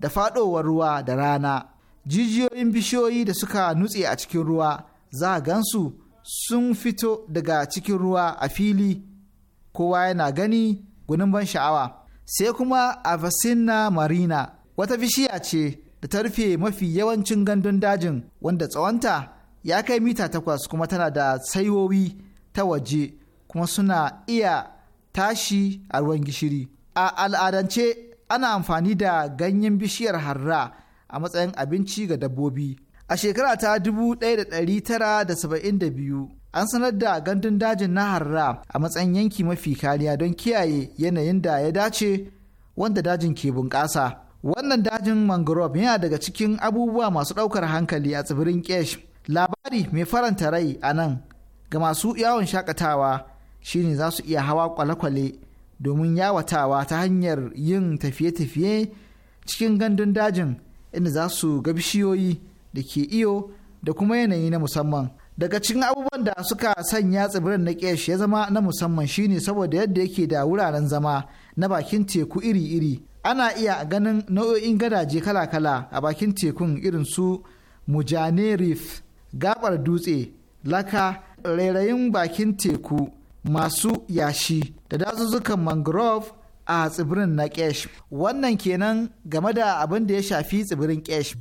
da faɗowar ruwa da rana jijiyoyin bishiyoyi da suka nutse a cikin ruwa za a gansu sun fito daga cikin ruwa a fili kowa yana gani gunin ban sha'awa sai kuma Avicenna marina wata bishiya ce da ta rufe mafi yawancin gandun dajin wanda tsawonta ya kai mita takwas kuma tana da saiwowi ta waje kuma suna iya tashi a ruwan gishiri. A al'adance ana amfani da ganyen bishiyar harra a matsayin abinci ga dabbobi. A shekara ta 1972 an sanar da gandun dajin na harra a matsayin yanki mafi kariya don kiyaye yanayin da ya dace wanda dajin ke bunƙasa wannan dajin mangrove yana daga cikin abubuwa masu ɗaukar hankali a tsibirin kesh labari mai faranta rai a nan ga masu yawon shakatawa shine za su iya hawa kwale-kwale domin yawatawa ta hanyar yin tafiye-tafiye cikin gandun dajin inda za su ga bishiyoyi da ke iyo da kuma yanayi na musamman daga cikin abubuwan da suka sanya tsibirin na kesh ya zama na musamman shine saboda yadda yake da wuraren zama na bakin teku iri-iri ana iya ganin nau'o'in gadaje kala-kala a bakin tekun irin su mujane reef gabar dutse laka rairayin bakin teku masu yashi da dazuzzukan mangrove a tsibirin na kesh wannan kenan game da abin da ya shafi tsibirin kesh.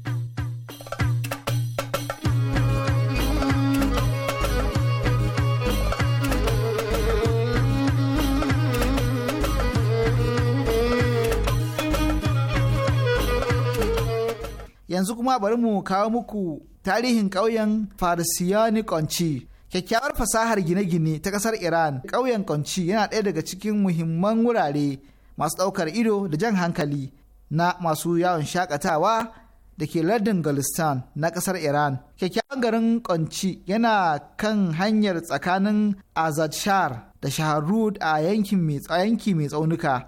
yanzu kuma bari mu kawo muku tarihin ƙauyen farisiyani kwanci kyakkyawar fasahar gine-gine ta ƙasar iran ƙauyen kwanci yana ɗaya daga cikin muhimman wurare masu ɗaukar ido da jan hankali na masu yawon shakatawa da ke lardin galistan na ƙasar Iran. Kyakkyawan garin kwanci yana kan hanyar tsakanin azad Azadshar da Shaharud a yanki mai tsaunuka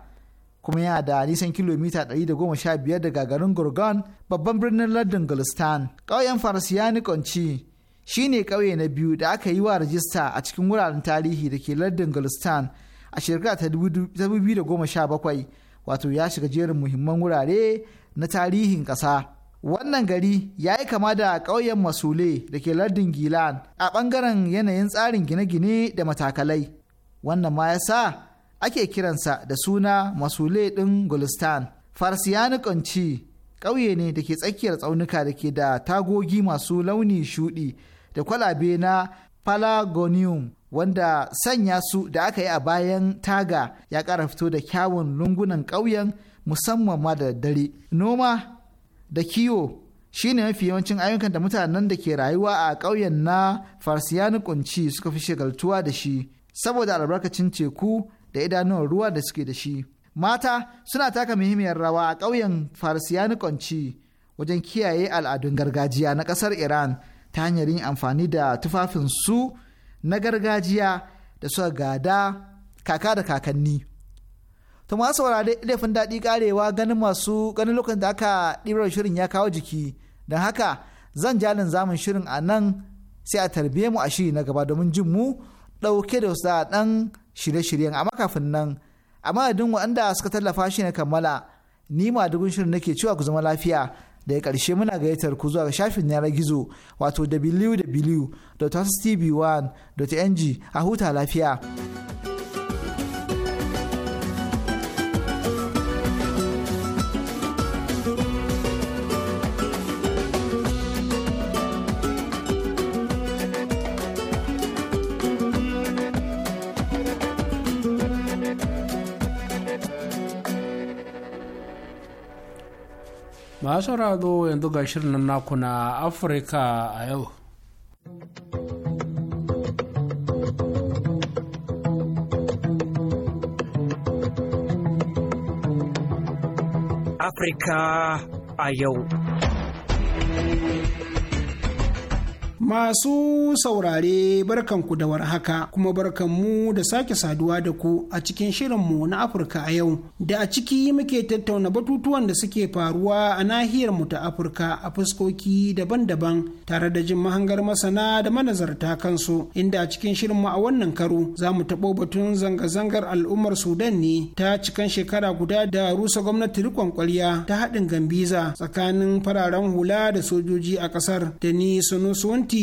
kuma yana da nisan kilomita 115 daga garin Gorgon babban birnin lardin Gulistan. Ƙauyen Farsiyani Konci shi ne ƙauye na biyu da aka yi wa rajista a cikin wuraren tarihi da ke lardin Gulistan a shekara ta 2017 wato ya shiga jerin muhimman wurare na tarihin ƙasa. Wannan gari ya yi kama da ƙauyen Masule da ke lardin Gilan a ɓangaren yanayin tsarin gine-gine da matakalai. Wannan ma ya sa ake kiransa da suna masule ɗin gulistan farsiyani ƙanci ƙauye ne da ke tsakiyar tsaunuka da ke da tagogi masu launi shuɗi da kwalabe na palagonium wanda sanya su da aka yi a bayan taga ya ƙara fito da kyawun lungunan ƙauyen musamman ma da dare noma da kiwo shi ne mafi yawancin ayyukan da mutanen da ke rayuwa a ƙauyen na farsiyani kanci suka fi shagaltuwa da shi saboda albarkacin teku da idanun ruwa da suke da shi. Mata suna taka muhimmiyar rawa a ƙauyen Farsiyani Kwanci wajen kiyaye al'adun gargajiya na ƙasar Iran ta hanyar yin amfani da tufafinsu na gargajiya da suka gada kaka da kakanni. To masu saurare ilefin daɗi ƙarewa ganin masu ganin lokacin da aka ɗibar shirin ya kawo jiki don haka zan jalin zamun shirin a nan sai a tarbiye mu a shiri na gaba domin jin mu ɗauke da wasu ɗan shirye-shiryen amma kafin nan a madadin waɗanda suka tallafa shi na kammala ni ma dugun shirin nake cewa ku zama lafiya da ya ƙarshe muna gayyatar ku zuwa ga shafin yanar gizo wato www.hostv1.ng a huta lafiya. masu rado yanzu ga shirin nan naku na afirka a yau afirka a yau Masu saurare barkanku da warhaka kuma barkanmu da sake saduwa da ku a cikin shirinmu na Afirka a yau da a ciki muke tattauna batutuwan da suke faruwa a nahiyar mu ta Afirka a fuskoki daban-daban tare da jin mahangar masana da manazarta kansu inda a cikin shirinmu a wannan karo za mu taɓo batun zanga-zangar al'ummar Sudan ne ta cikan shekara guda da rusa gwamnati rikon kwalya ta haɗin gambiza tsakanin fararen hula da sojoji a ƙasar da ni Sunusunti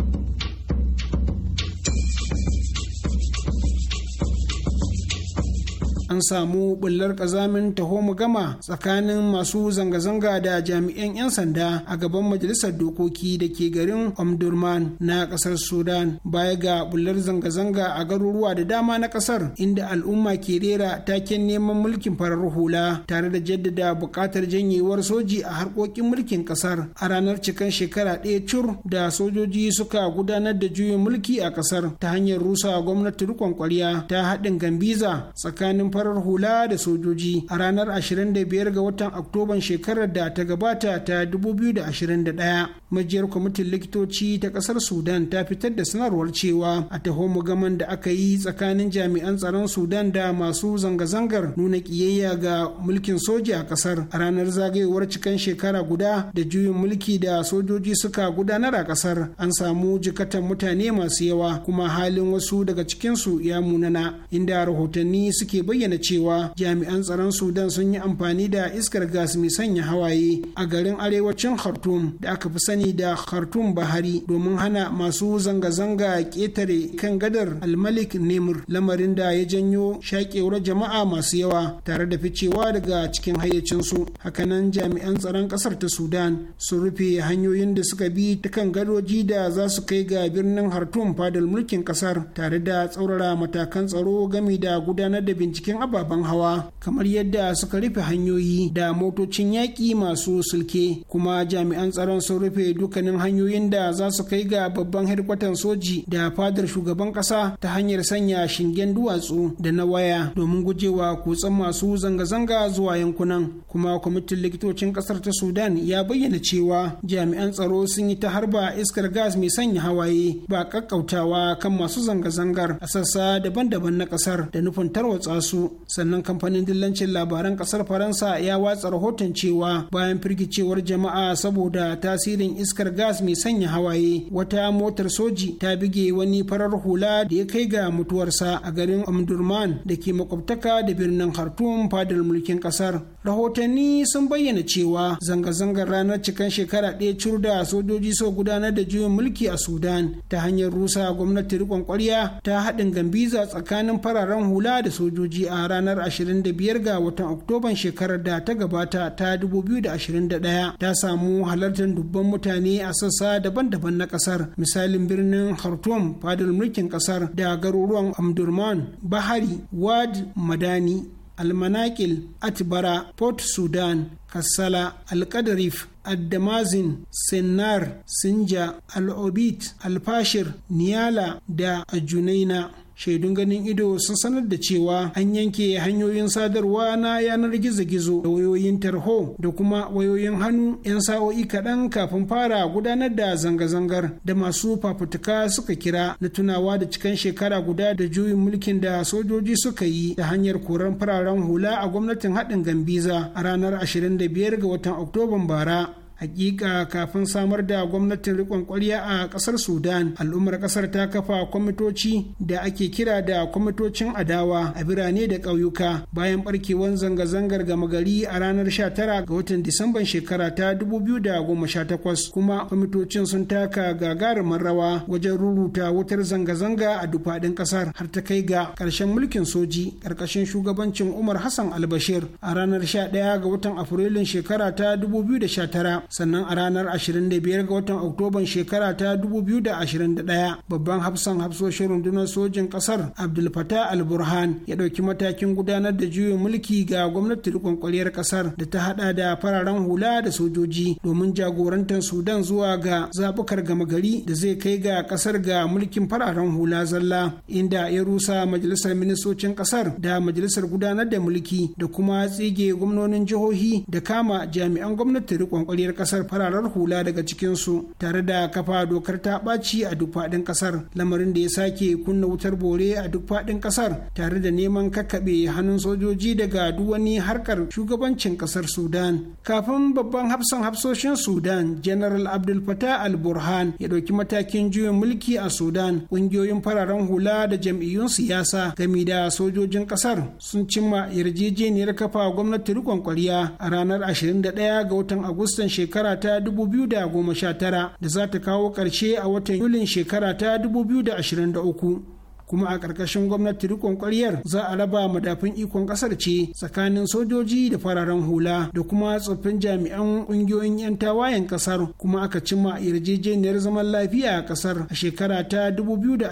an samu bullar kazamin taho mu gama tsakanin masu zanga-zanga da jami'an 'yan sanda a gaban majalisar dokoki da ke garin omdurman na kasar sudan baya ga bullar zanga-zanga a garuruwa da dama na kasar inda al'umma ke rera taken neman mulkin farar hula tare da jaddada buƙatar janyewar soji a harkokin mulkin kasar a ranar cikan shekara ɗaya cur da sojoji suka gudanar da juyin mulki a kasar ta hanyar rusa gwamnati rikon kwarya ta haɗin gambiza tsakanin farar hula da sojoji a ranar 25 ga watan oktoban shekarar da ta gabata ta 2021 majiyar kwamitin likitoci ta kasar sudan ta fitar da sanarwar cewa a taho gaman da aka yi tsakanin jami'an tsaron sudan da masu zanga-zangar nuna kiyayya ga mulkin soja a kasar a ranar zagayowar cikan shekara guda da juyin mulki da sojoji suka gudanar a kasar an samu jikatan mutane masu yawa kuma halin wasu daga cikinsu ya munana inda rahotanni suke bayyana cewa jami'an tsaron sudan sun yi amfani da iskar gas mai sanya hawaye a garin arewacin khartoum da aka fi sani ne da khartoum bahari domin hana masu zanga-zanga ƙetare kan gadar almalik nemur lamarin da ya janyo shaƙewar jama'a masu yawa tare da ficewa daga cikin hayyacinsu hakanan jami'an tsaron ƙasar ta sudan sun rufe hanyoyin da suka bi ta kan gadoji da za su kai ga birnin hartum fadal mulkin ƙasar tare da tsaurara matakan tsaro gami da gudanar da binciken ababen hawa kamar yadda suka rufe hanyoyi da motocin yaƙi masu sulke kuma jami'an tsaron sun rufe dukkanin hanyoyin da za su kai ga babban hedkwatan soji da fadar shugaban kasa ta hanyar sanya shingen duwatsu da na waya domin gujewa kutsan masu zanga-zanga zuwa yankunan kuma kwamitin likitocin kasar ta sudan ya bayyana cewa jami'an tsaro sun yi ta harba iskar gas mai sanya hawaye ba kakkautawa kan masu zanga-zangar a sassa daban-daban na kasar da nufin tarwatsa su sannan kamfanin dillancin labaran kasar faransa ya watsa rahoton cewa bayan firgicewar jama'a saboda tasirin iskar gas mai sanya hawaye wata motar soji ta bige wani farar hula da ya kai ga mutuwarsa a garin Omdurman da ke makwabtaka da birnin Khartoum fadar mulkin kasar. Rahotanni sun bayyana cewa zanga-zangar ranar cikan shekara ɗaya curda sojoji so gudanar da juyin mulki a Sudan ta hanyar rusa gwamnati rikon ƙwarya ta haɗin gambiza tsakanin fararen hula da sojoji a ranar 25 ga watan Oktoban shekarar da ta gabata ta 2021 ta samu halartar dubban mutane mutane a sassa daban-daban na kasar misalin birnin khartoum fadar mulkin kasar da garuruwan amdurman bahari wad madani almanakil atbara port sudan kassala alkadarif addamazin sennar sinja al'obit alfashir niyala da ajunaina shaidun ganin ido sun sanar da cewa an yanke hanyoyin sadarwa na yanar gizo-gizo da wayoyin tarho da kuma wayoyin hannu 'yan sa'o'i kaɗan kafin fara gudanar da zanga-zangar da masu fafutuka suka kira na tunawa da cikan shekara guda da juyin mulkin da sojoji suka yi da hanyar koran fararen hula a gwamnatin haɗin gambiza a ranar 25 ga watan oktoban bara hakika kafin samar da gwamnatin rikon ƙwarya a ƙasar sudan al'ummar ƙasar ta kafa kwamitoci da ake kira da kwamitocin adawa a birane da ƙauyuka bayan barkewar zanga-zangar gama gari a ranar 19 ga watan disamban shekara ta 2018 kuma kwamitocin sun taka gagarumar rawa wajen ruruta wutar zanga-zanga a dufaɗin ƙasar. har ta kai ga ƙarshen mulkin soji ƙarƙashin shugabancin umar hassan albashir a ranar 11 ga watan afrilun shekara ta 2019 sannan a ranar 25 ga watan oktoban shekara ta 2021 babban hafsan hafsoshin rundunar sojin kasar abdul fatah al-burhan ya ɗauki matakin gudanar da juyin mulki ga gwamnati rikon kwaliyar kasar da ta hada da fararen hula da sojoji domin jagorantar sudan zuwa ga zabukar gama gari da zai kai ga kasar ga mulkin fararen hula zalla inda ya rusa majalisar ministocin kasar da majalisar gudanar da mulki da kuma tsige gwamnonin jihohi da kama jami'an gwamnati rikon kwaliyar kasar fararar hula daga cikinsu tare da kafa dokar ta ɓaci a duk faɗin kasar lamarin da ya sake kunna wutar bore a duk faɗin kasar tare da neman kakkaɓe hannun sojoji daga duk wani harkar shugabancin kasar sudan kafin babban hafsan hafsoshin sudan general abdul fatah al burhan ya ɗauki matakin juyin mulki a sudan ƙungiyoyin fararen hula da jam'iyyun siyasa gami da sojojin kasar sun cimma yarjejeniyar kafa gwamnati rikon kwarya a ranar 21 ga watan agustan shekaru. shekara ta 2019 da za ta kawo ƙarshe a watan Yulin shekara ta 2023. kuma a ƙarƙashin gwamnati rikon ƙwaryar za a raba madafin ikon ƙasar ce tsakanin sojoji da fararen hula da kuma tsoffin jami'an ƙungiyoyin 'yan tawayen ƙasar kuma aka cimma yarjejeniyar zaman lafiya a ƙasar a shekara ta 2020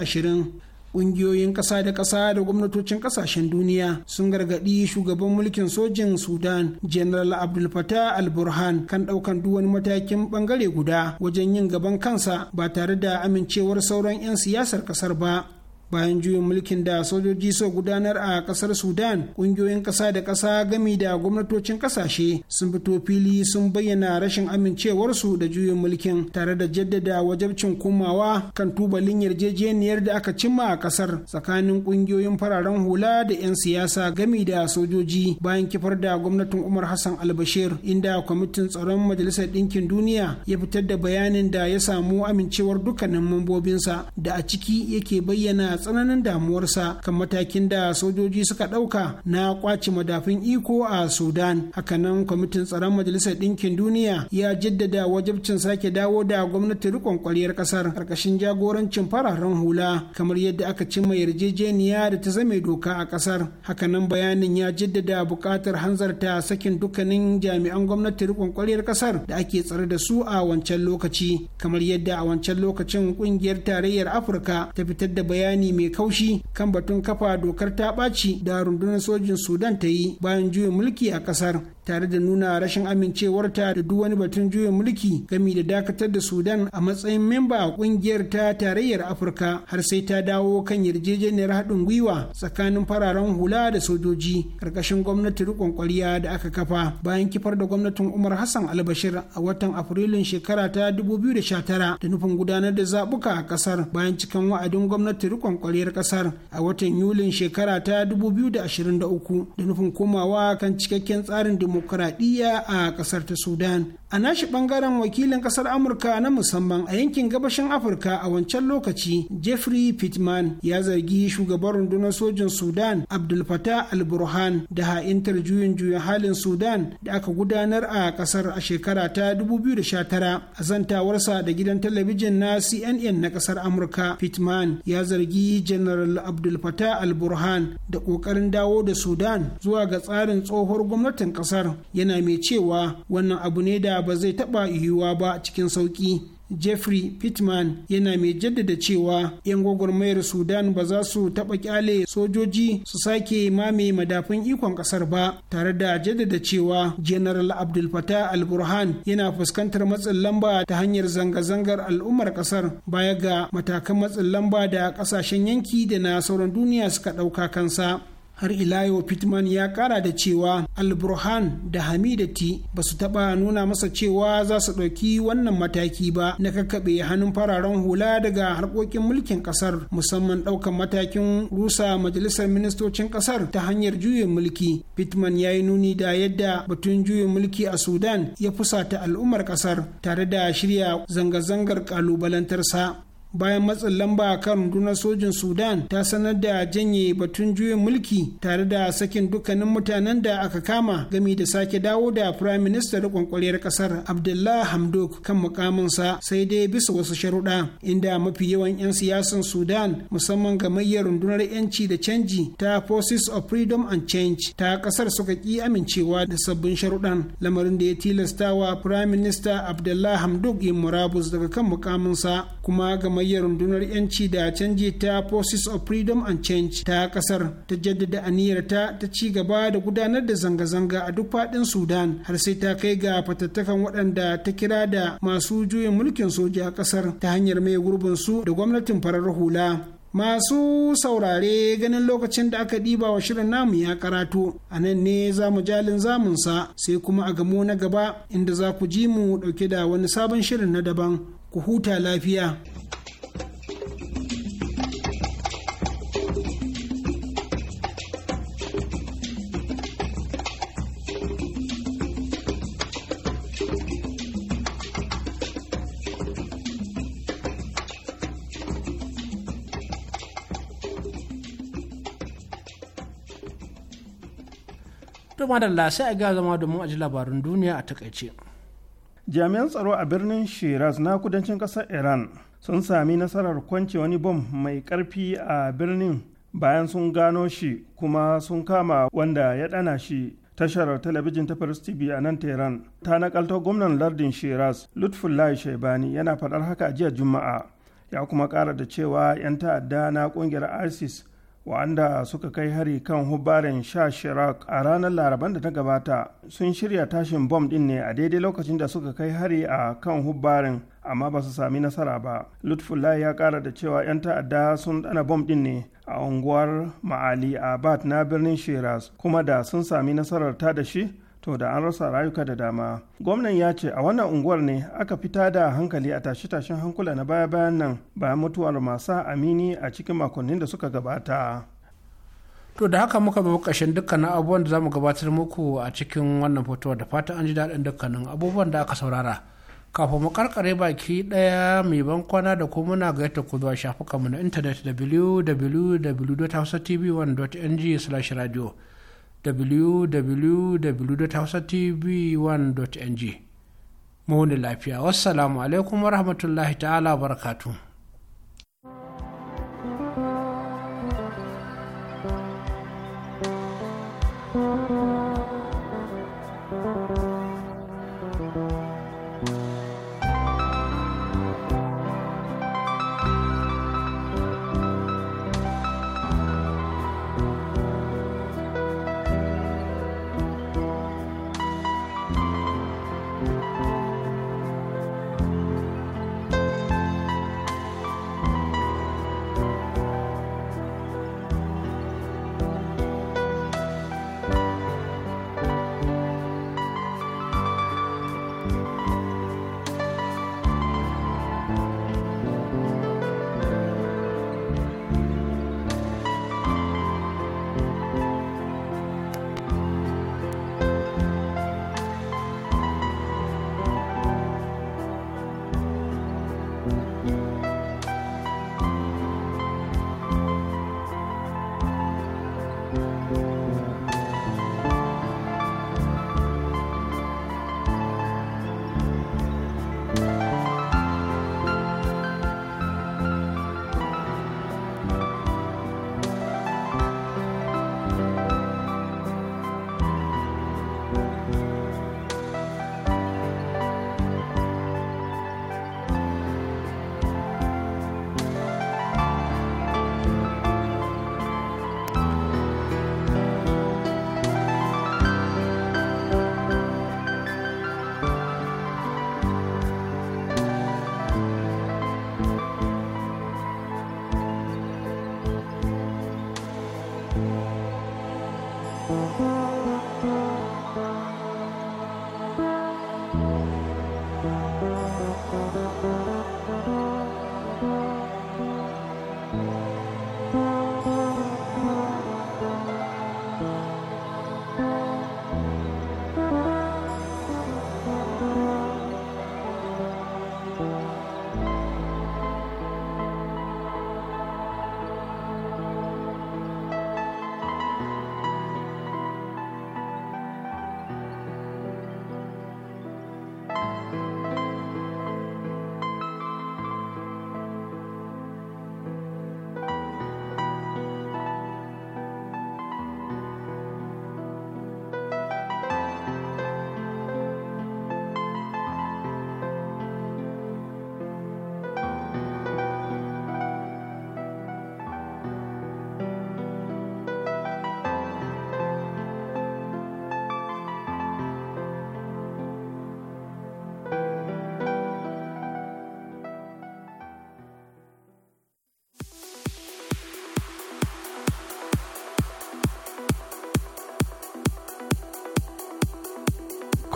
Ƙungiyoyin ƙasa da ƙasa da gwamnatocin ƙasashen duniya sun gargaɗi shugaban mulkin sojin Sudan, General Abdul Fattah al-Burhan kan ɗaukan duwani matakin ɓangare guda wajen yin gaban kansa ba tare da amincewar sauran 'yan siyasar ƙasar ba. bayan juyin mulkin da sojoji so gudanar a kasar sudan Ƙungiyoyin ƙasa da kasa gami da gwamnatocin ƙasashe. sun fito fili sun bayyana rashin amincewarsu da juyin mulkin tare da jaddada wajabcin komawa kan tubalin yarjejeniyar da aka cimma a ƙasar. tsakanin ƙungiyoyin fararen hula da 'yan siyasa gami da sojoji bayan kifar da gwamnatin umar hassan albashir inda kwamitin tsaron majalisar ɗinkin duniya ya fitar da bayanin da ya samu amincewar dukkanin mambobinsa da a ciki yake bayyana tsananin damuwarsa kan matakin da sojoji suka ɗauka na kwace madafin iko a sudan hakanan kwamitin tsaron majalisar ɗinkin duniya ya jaddada wajabcin sake dawo da gwamnati rikon kwaryar ƙasar ƙarƙashin jagorancin fararen hula kamar yadda aka cimma yarjejeniya da ta zame doka a ƙasar hakanan bayanin ya jaddada buƙatar hanzarta sakin dukkanin jami'an gwamnati rikon kwaryar ƙasar da ake tsare da su a wancan lokaci kamar yadda a wancan lokacin ƙungiyar tarayyar afirka ta fitar da bayani mai kaushi kan batun kafa dokar ta ɓaci da rundunar sojin sudan ta yi bayan juyin mulki a ƙasar tare da nuna rashin amincewarta da duk wani batun juyin mulki gami da dakatar da sudan a matsayin memba a kungiyar ta tarayyar afirka har sai ta dawo kan yarjejeniyar haɗin gwiwa tsakanin fararen hula da sojoji ƙarƙashin gwamnati riƙon ƙwarya da aka kafa bayan kifar da gwamnatin umar hassan albashir a watan afrilun shekara ta 2019 da nufin gudanar da zaɓuka a ƙasar bayan cikan wa'adin gwamnati riƙon ƙwaryar ƙasar a watan yulin shekara ta 2023 da nufin komawa kan cikakken tsarin dimokuraɗiyya demokuraɗiyya a ƙasar ta sudan A nashi bangaren wakilin kasar Amurka na musamman a yankin gabashin Afirka a wancan lokaci, Jeffrey Pittman ya zargi shugaban rundunar sojin Sudan Abdul Fattah al-Burhan da ha'intar juyin juyin halin Sudan da aka gudanar a kasar a shekara ta 2019 a zantawarsa da gidan talabijin na CNN na kasar Amurka. Pittman ya zargi General Abdul Fattah al-Burhan da kokarin dawo da Sudan zuwa ga tsarin tsohuwar gwamnatin kasar yana mai cewa wannan abu ne da ba zai taɓa yiwuwa ba cikin sauƙi Jeffrey Pittman yana mai jaddada cewa 'yan gwagwarmayar Sudan ba za su taɓa ƙyale sojoji su sake mame madafun ikon ƙasar ba, tare da jaddada cewa General Abdul Fattah al-Burhan yana fuskantar matsin lamba ta hanyar zanga-zangar al'ummar ƙasar baya ga matakan matsin lamba da ƙasashen yanki da na sauran duniya suka ɗauka kansa. har ila yau pittman ya kara da cewa alburhan da hamidati ba su taba nuna masa cewa za su ɗauki wannan mataki ba na kakkaɓe hannun fararen hula daga harkokin mulkin ƙasar musamman ɗaukan matakin rusa majalisar ministocin ƙasar ta hanyar juyin mulki pittman ya yi nuni da yadda batun juyin mulki a sudan ya fusata al'ummar ƙasar tare da shirya zanga-zangar ƙalubalantarsa bayan matsin lamba kan rundunar sojin sudan ta sanar da janye batun juyin mulki tare da sakin dukkanin mutanen da aka kama gami da sake dawo da prime minister kwankwariyar kasar abdullah hamdok kan mukaminsa sai dai bisa wasu sharuɗa inda mafi yawan 'yan siyasan sudan musamman ga gamayyar rundunar 'yanci da canji ta forces of freedom and change ta kasar suka ki amincewa da sabbin sharuɗan lamarin da ya tilastawa prime minister abdullah hamdok yin murabus daga kan mukaminsa kuma gamayyar rundunar yanci da canji ta forces of freedom and change ta kasar ta jaddada aniyarta ta ci gaba da gudanar da zanga-zanga a duk faɗin sudan har sai ta kai ga fatattakan waɗanda ta kira da masu juyin mulkin soja a kasar ta hanyar mai gurbin su da gwamnatin farar hula Masu saurare ganin lokacin da aka ɗiba wa shirin namu ya karatu a nan ne za mu jalin zamunsa sai kuma a gamo na gaba inda za ku ji mu ɗauke da wani sabon shirin na daban ku huta lafiya to madalla sai a ga zama domin aji labarin duniya a takaice. jami'an tsaro a birnin shiraz na kudancin ƙasar iran sun sami nasarar kwance wani bom mai ƙarfi a birnin bayan sun gano shi kuma sun kama wanda ya ɗana shi tashar talabijin ta Paris TV a nan Tehran ta nakalta gwamnan lardin Shiraz Lutfullahi Shaibani yana faɗar haka a jiya Juma'a ya kuma ƙara da cewa 'yan ta'adda na ƙungiyar ISIS wa'anda suka kai hari kan hubarin sha shirak a ranar laraban da ta gabata sun shirya tashin bom din ne a daidai lokacin da suka kai hari a kan hubarin amma ba su sami nasara ba lutfullah ya kara da cewa 'yan ta'adda sun dana bom din ne a unguwar ma'ali a bat na birnin shiraz kuma da sun sami nasarar ta da shi to da an rasa rayuka da dama gwamnan ya ce a wannan unguwar ne aka fita da hankali a tashe-tashen hankula na baya-bayan nan bayan mutuwar masu amini a cikin makonnin da suka gabata to da haka muka bi ƙashin dukkanin abubuwan da za mu gabatar muku a cikin wannan fotowar da fata an ji daɗin dukkanin abubuwan da aka saurara kafin mu karkare baki ɗaya mai bankwana da kuma muna gayyata ku zuwa shafukanmu na intanet www.hausatv1.ng/radio www.hausatv1.ng mu wani lafiya wassalamu alaikum rahmatullahi ta'ala barakatuhu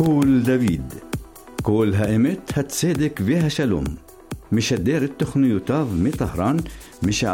קול דוד, קול האמת, הצדק והשלום, משדר את תוכניותיו מטהרן משעה